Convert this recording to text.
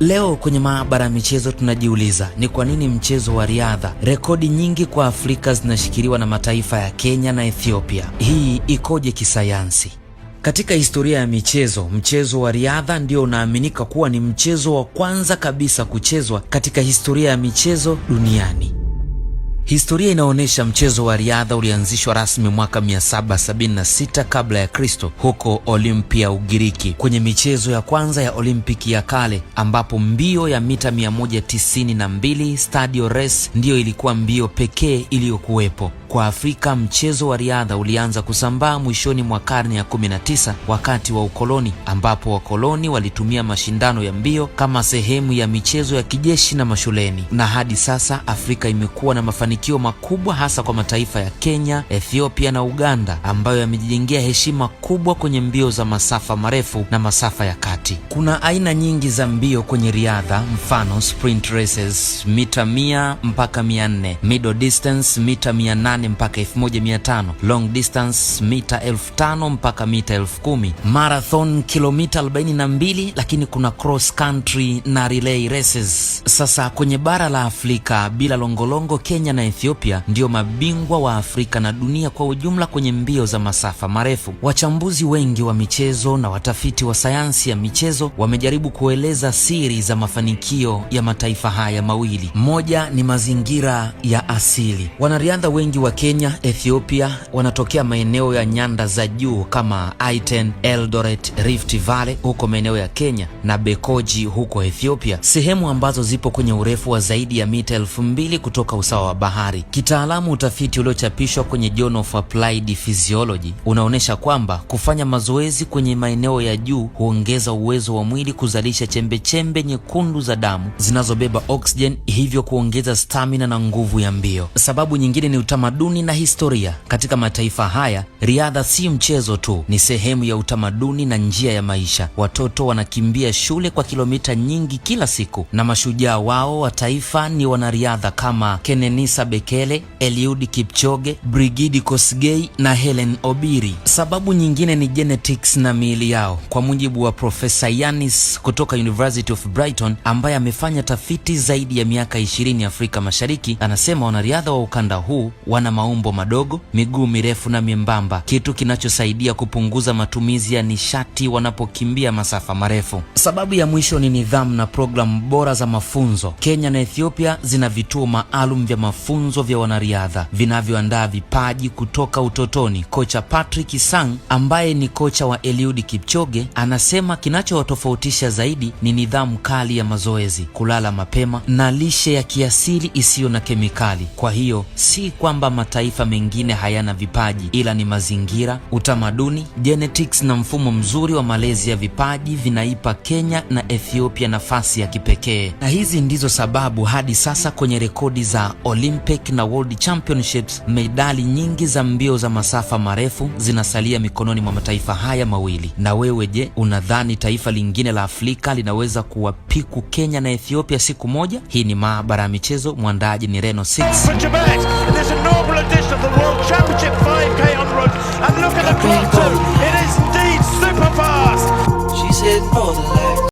Leo kwenye maabara ya michezo tunajiuliza ni kwa nini mchezo wa riadha rekodi nyingi kwa Afrika zinashikiliwa na mataifa ya Kenya na Ethiopia. Hii ikoje kisayansi? Katika historia ya michezo, mchezo wa riadha ndio unaaminika kuwa ni mchezo wa kwanza kabisa kuchezwa katika historia ya michezo duniani. Historia inaonyesha mchezo wa riadha ulianzishwa rasmi mwaka 776 kabla ya Kristo huko Olimpia, Ugiriki, kwenye michezo ya kwanza ya Olimpiki ya kale, ambapo mbio ya mita 192 stadio race ndiyo ilikuwa mbio pekee iliyokuwepo kwa Afrika mchezo wa riadha ulianza kusambaa mwishoni mwa karne ya 19 wakati wa ukoloni, ambapo wakoloni walitumia mashindano ya mbio kama sehemu ya michezo ya kijeshi na mashuleni. Na hadi sasa Afrika imekuwa na mafanikio makubwa, hasa kwa mataifa ya Kenya, Ethiopia na Uganda ambayo yamejijengea heshima kubwa kwenye mbio za masafa marefu na masafa ya kati. Kuna aina nyingi za mbio kwenye riadha, mfano sprint races mita 100 mpaka 400, middle distance mita 800 mpaka 1500, long distance mita 5000 mpaka mita 10000, marathon kilomita 42, lakini kuna cross country na relay races. Sasa kwenye bara la Afrika bila longolongo, Kenya na Ethiopia ndio mabingwa wa Afrika na dunia kwa ujumla kwenye mbio za masafa marefu. Wachambuzi wengi wa michezo na watafiti wa sayansi ya michezo wamejaribu kueleza siri za mafanikio ya mataifa haya mawili. Moja ni mazingira ya asili. Wanariadha wengi wa wa Kenya, Ethiopia wanatokea maeneo ya nyanda za juu kama Aiten, Eldoret, Rift Valley huko maeneo ya Kenya na Bekoji huko Ethiopia, sehemu ambazo zipo kwenye urefu wa zaidi ya mita elfu mbili kutoka usawa wa bahari. Kitaalamu, utafiti uliochapishwa kwenye Journal of Applied Physiology unaonyesha kwamba kufanya mazoezi kwenye maeneo ya juu huongeza uwezo wa mwili kuzalisha chembechembe nyekundu za damu zinazobeba oksijeni, hivyo kuongeza stamina na nguvu ya mbio. Sababu nyingine ni utamaduni utamaduni na historia. Katika mataifa haya, riadha si mchezo tu, ni sehemu ya utamaduni na njia ya maisha. Watoto wanakimbia shule kwa kilomita nyingi kila siku, na mashujaa wao wa taifa ni wanariadha kama Kenenisa Bekele, Eliud Kipchoge, Brigidi Kosgei na Helen Obiri. Sababu nyingine ni genetics na miili yao. Kwa mujibu wa Profesa Yanis kutoka University of Brighton ambaye amefanya tafiti zaidi ya miaka 20 Afrika Mashariki, anasema wanariadha wa ukanda huu wana na maumbo madogo, miguu mirefu na miembamba, kitu kinachosaidia kupunguza matumizi ya nishati wanapokimbia masafa marefu. Sababu ya mwisho ni nidhamu na programu bora za mafunzo. Kenya na Ethiopia zina vituo maalum vya mafunzo vya wanariadha vinavyoandaa vipaji kutoka utotoni. Kocha Patrick Sang ambaye ni kocha wa Eliud Kipchoge anasema kinachowatofautisha zaidi ni nidhamu kali ya mazoezi, kulala mapema na lishe ya kiasili isiyo na kemikali. Kwa hiyo si kwamba mataifa mengine hayana vipaji, ila ni mazingira, utamaduni, genetics na mfumo mzuri wa malezi ya vipaji vinaipa Kenya na Ethiopia nafasi ya kipekee, na hizi ndizo sababu hadi sasa kwenye rekodi za Olympic na World Championships medali nyingi za mbio za masafa marefu zinasalia mikononi mwa mataifa haya mawili. Na wewe je, unadhani taifa lingine la Afrika linaweza kuwapiku Kenya na Ethiopia siku moja? Hii ni Maabara ya Michezo, mwandaji ni Reno 6. inaugural edition of the World Championship.